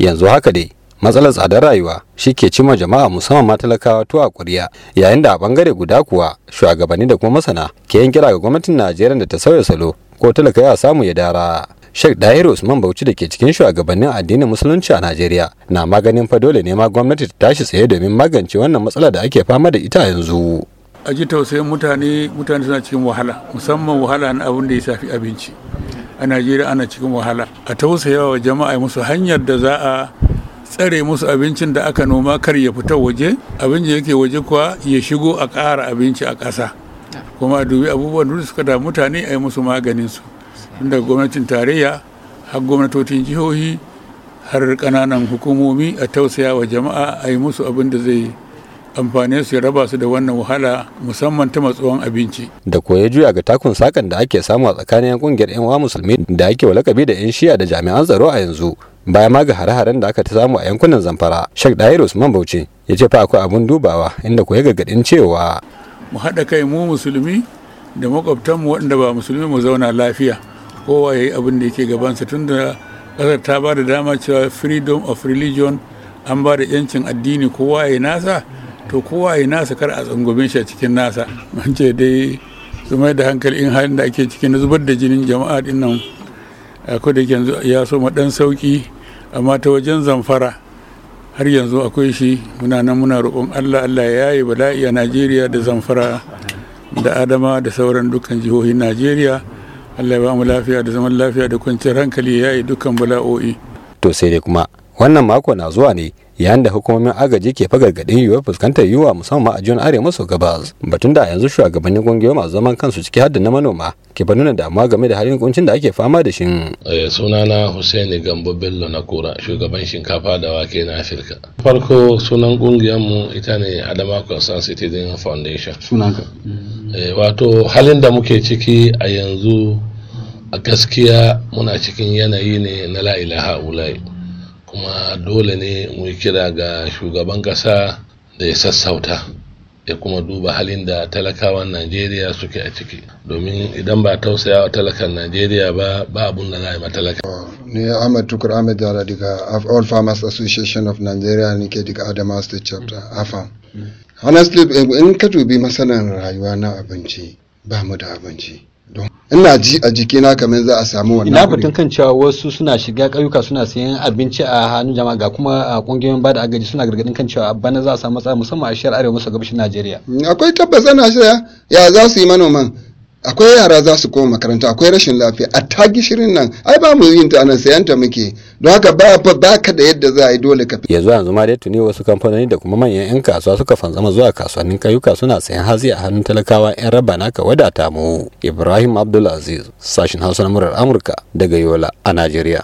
yanzu haka dai matsalar tsadar rayuwa shi ke cima jama'a musamman ma talakawa tuwa kuriya yayin da a bangare guda kuwa shugabanni da kuma masana ke yin kira ga gwamnatin najeriya da ta sauya salo ko talaka ya samu ya dara Sheikh Dahir Usman Bauchi da ke cikin shugabannin addinin Musulunci a Najeriya na maganin fa dole ne ma gwamnati ta tashi tsaye domin magance wannan matsala da ake fama da ita yanzu. A ji tausayin mutane mutane suna cikin wahala musamman wahala na abin da ya shafi abinci. A Najeriya ana cikin wahala a tausayawa wa jama'a musu hanyar da za a tsare musu abincin da aka noma kar ya fita waje abin da yake waje kuwa ya shigo a ƙara abinci a ƙasa kuma a dubi abubuwan da suka da mutane a yi musu maganin su tun daga gwamnatin tarayya har gwamnatocin jihohi har ƙananan hukumomi a tausayawa jama'a a yi musu abin da zai amfanin su ya raba su da wannan wahala musamman ta matsuwan abinci. Da koya juya ga takun sakan da ake samu a tsakanin kungiyar 'yan uwa musulmi da ake walakabi da 'yan shiya da jami'an tsaro a yanzu baya ma ga hare-haren da aka ta samu a yankunan zamfara shek dahir usman bauchi ya ce fa akwai abun dubawa inda koya gargadin cewa mu haɗa kai mu musulmi da makwabtanmu waɗanda ba musulmi mu zauna lafiya kowa ya yi abin da yake gabansa tun da ƙasar ta ba da dama cewa freedom of religion an ba da 'yancin addini kowa ya nasa to kowa ya nasa kar a tsungumin shi a cikin nasa an ce dai su mai da hankali in halin da ake cikin zubar da jinin jama'a din nan akwai da yanzu ya so dan sauki amma ta wajen zamfara har yanzu akwai shi muna nan muna roƙon Allah Allah ya yi bala'i a Najeriya da zamfara da Adama da sauran dukkan jihohin Najeriya Allah ya ba mu lafiya da zaman lafiya da kwanciyar hankali ya yi dukkan bala'o'i to sai dai kuma wannan mako na zuwa ne yayin da hukumomin agaji ke fagargaɗin yiwuwar fuskantar yiwuwa musamman a jihar arewa maso gabas batun da yanzu shugabannin kungiyoyi masu zaman kansu ciki har na manoma ke ba nuna damuwa game da halin kuncin da ake fama da shin. Eh, sunana Hussaini Gambo Bello na Kura shugaban shinkafa da wake na Afirka. Farko sunan mu ita ne Adama Concern Citizen Foundation. Sunanka. Eh, wato halin da muke ciki a yanzu a gaskiya muna cikin yanayi ne na la'ilaha ulai. kuma dole ne mu kira ga shugaban kasa da ya sassauta ya kuma duba halin da talakawan najeriya suke a ciki domin idan ba tausaya wa talakan najeriya ba ba abun da za a yi matalaka ne ahmad tukur ahmed jara daga all farmers association of nigeria ke daga adama state chapter afam mm. honestly eh, in ka dubi masalan rayuwa na abinci ba mu da abinci ina ji a jikina kamar za a samu wannan ina fatan kan cewa wasu suna shiga ƙauyuka suna sayan abinci a hannun jama'a ga kuma kungiyoyin bada agaji suna gargadin kan cewa bana za a samu matsala musamman a shiyar arewa maso gabashin Najeriya akwai tabbas ana saya ya za su yi manoman akwai yara za su koma makaranta akwai rashin lafiya a ta gishirin nan ai ba mu yin ta nan sayan ta muke don haka ba ba ka da yadda za a yi dole ka yanzu yanzu ma dai tuni wasu kamfanoni da kuma manyan yan kasuwa suka fanzama zuwa kasuwannin kayuka suna sayan hatsi a hannun talakawa yan raba naka wadata mu Ibrahim Abdulaziz sashin Hausa na murar Amurka daga Yola a Najeriya